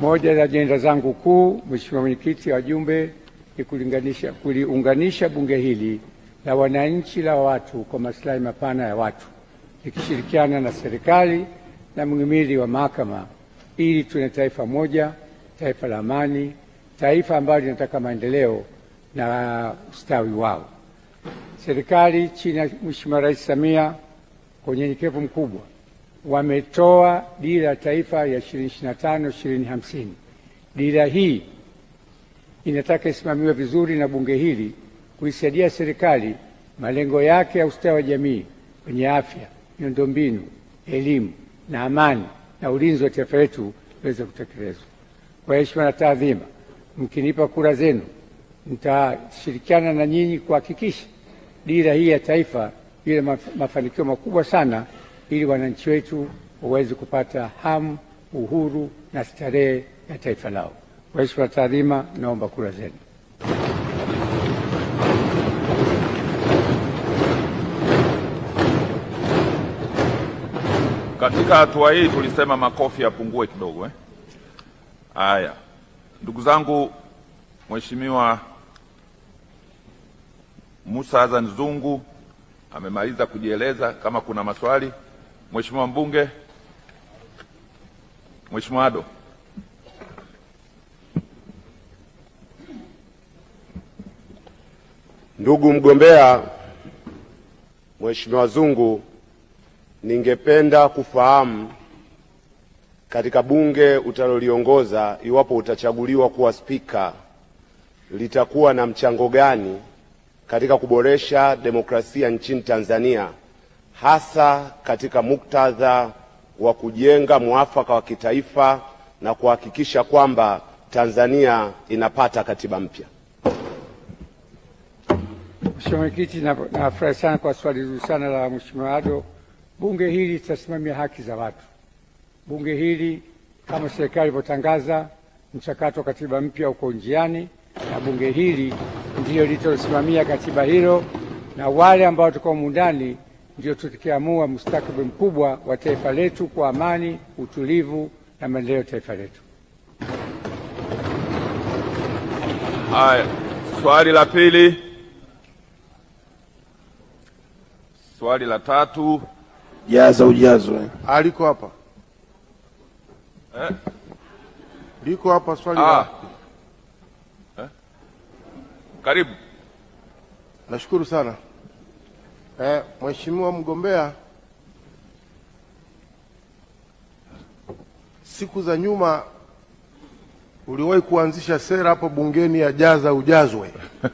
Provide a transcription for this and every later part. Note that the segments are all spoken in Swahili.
Moja ya ajenda zangu kuu, Mheshimiwa Mwenyekiti, wajumbe, ni kulinganisha kuliunganisha bunge hili la wananchi la watu kwa maslahi mapana ya watu likishirikiana na serikali na mhimili wa mahakama ili tuwe taifa moja, taifa la amani, taifa ambalo linataka maendeleo na ustawi wao. Serikali chini ya Mheshimiwa Rais Samia kwa unyenyekevu mkubwa wametoa dira ya taifa ya 2025 2050. Dira hii inataka isimamiwe vizuri na bunge hili kuisaidia serikali malengo yake ya ustawi wa jamii kwenye afya, miundombinu, elimu na amani na ulinzi wa taifa letu iweze kutekelezwa. Kwa heshima na taadhima, mkinipa kura zenu, nitashirikiana na nyinyi kuhakikisha dira hii ya taifa ina mafanikio makubwa sana ili wananchi wetu waweze kupata hamu, uhuru na starehe ya taifa lao. Waheshimiwa taadhima, naomba kura zenu. Katika hatua hii tulisema makofi yapungue kidogo eh? Haya, ndugu zangu, Mheshimiwa Musa Azan Zungu amemaliza kujieleza. Kama kuna maswali Mheshimiwa mbunge, Mheshimiwa Ado. Ndugu mgombea Mheshimiwa Zungu, ningependa kufahamu katika bunge utaloliongoza iwapo utachaguliwa kuwa spika litakuwa na mchango gani katika kuboresha demokrasia nchini Tanzania hasa katika muktadha wa kujenga mwafaka wa kitaifa na kuhakikisha kwamba Tanzania inapata katiba mpya. Mheshimiwa Mwenyekiti, nafurahi na sana kwa swali zuri sana la Mheshimiwa Ado. Bunge hili litasimamia haki za watu. Bunge hili kama serikali ilivyotangaza, mchakato wa katiba mpya uko njiani, na bunge hili ndiyo litosimamia katiba hilo, na wale ambao tuko mundani ndio tutakayeamua mustakabali mkubwa wa taifa letu kwa amani, utulivu na maendeleo ya taifa letu. Haya, swali la pili. Swali la tatu. Jaza eh. Ah, Aliko hapa eh? Liko hapa swali ah. la eh? Karibu. Nashukuru sana. Eh, Mheshimiwa mgombea, siku za nyuma uliwahi kuanzisha sera hapo bungeni ya jaza ujazwe.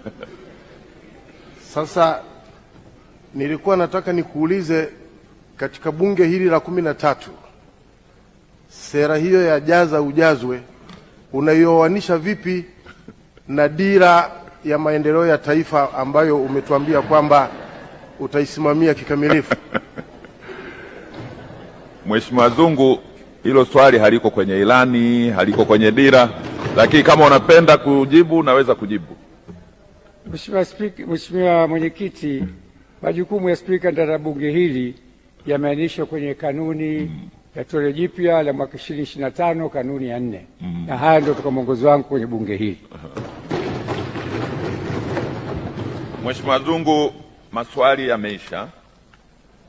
Sasa nilikuwa nataka nikuulize katika bunge hili la kumi na tatu sera hiyo ya jaza ujazwe unaioanisha vipi na dira ya maendeleo ya taifa ambayo umetuambia kwamba utaisimamia kikamilifu? Mheshimiwa Zungu, hilo swali haliko kwenye ilani, haliko kwenye dira, lakini kama unapenda kujibu naweza kujibu. Mheshimiwa Spika, Mheshimiwa Mwenyekiti, majukumu ya spika ndani ya bunge hili yameainishwa kwenye kanuni ya toleo jipya la mwaka 2025 kanuni ya nne mm. na haya ndio toka mwongozo wangu kwenye bunge hili. Mheshimiwa Zungu maswali yameisha.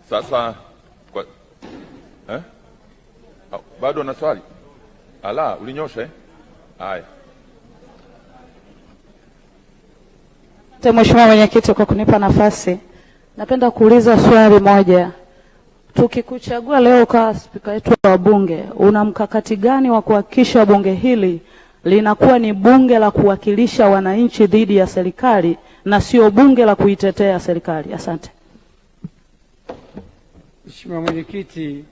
Sasa kwa, eh? Oh, bado na swali ala, ulinyoshe haya. Mheshimiwa Mwenyekiti, kwa kunipa nafasi, napenda kuuliza swali moja. Tukikuchagua leo kwa spika wetu wa Bunge, una mkakati gani wa kuhakikisha bunge hili linakuwa ni bunge la kuwakilisha wananchi dhidi ya serikali na sio bunge la kuitetea serikali. Asante Mheshimiwa Mwenyekiti.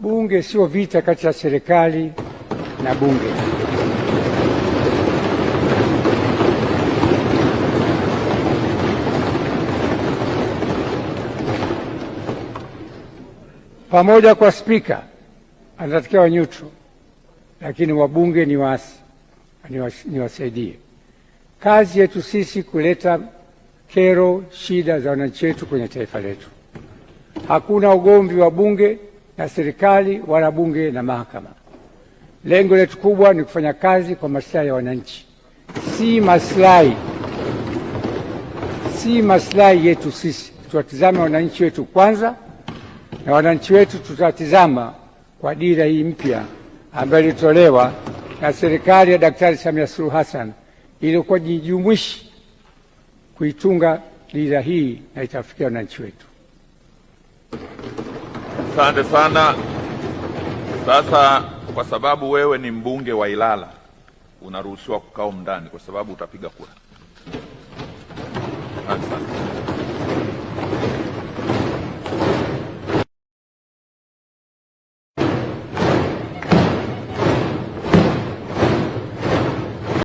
Bunge sio vita kati ya serikali na bunge. Pamoja kwa spika anatakiwa neutral, lakini wabunge ni waasi, niwasaidie kazi yetu sisi kuleta kero, shida za wananchi wetu kwenye taifa letu. Hakuna ugomvi wa bunge na serikali wala bunge na mahakama. Lengo letu kubwa ni kufanya kazi kwa maslahi ya wananchi, si maslahi si maslahi yetu sisi. Tuwatizame wananchi wetu kwanza, na wananchi wetu tutawatizama kwa dira hii mpya ambayo ilitolewa na serikali ya Daktari Samia Suluhu Hassan iliyokuwa jijumuishi kuitunga dira hii na itafikia wananchi wetu. Asante sana. Sasa kwa sababu wewe ni mbunge wa Ilala unaruhusiwa kukaa ndani kwa sababu utapiga kura. Asante.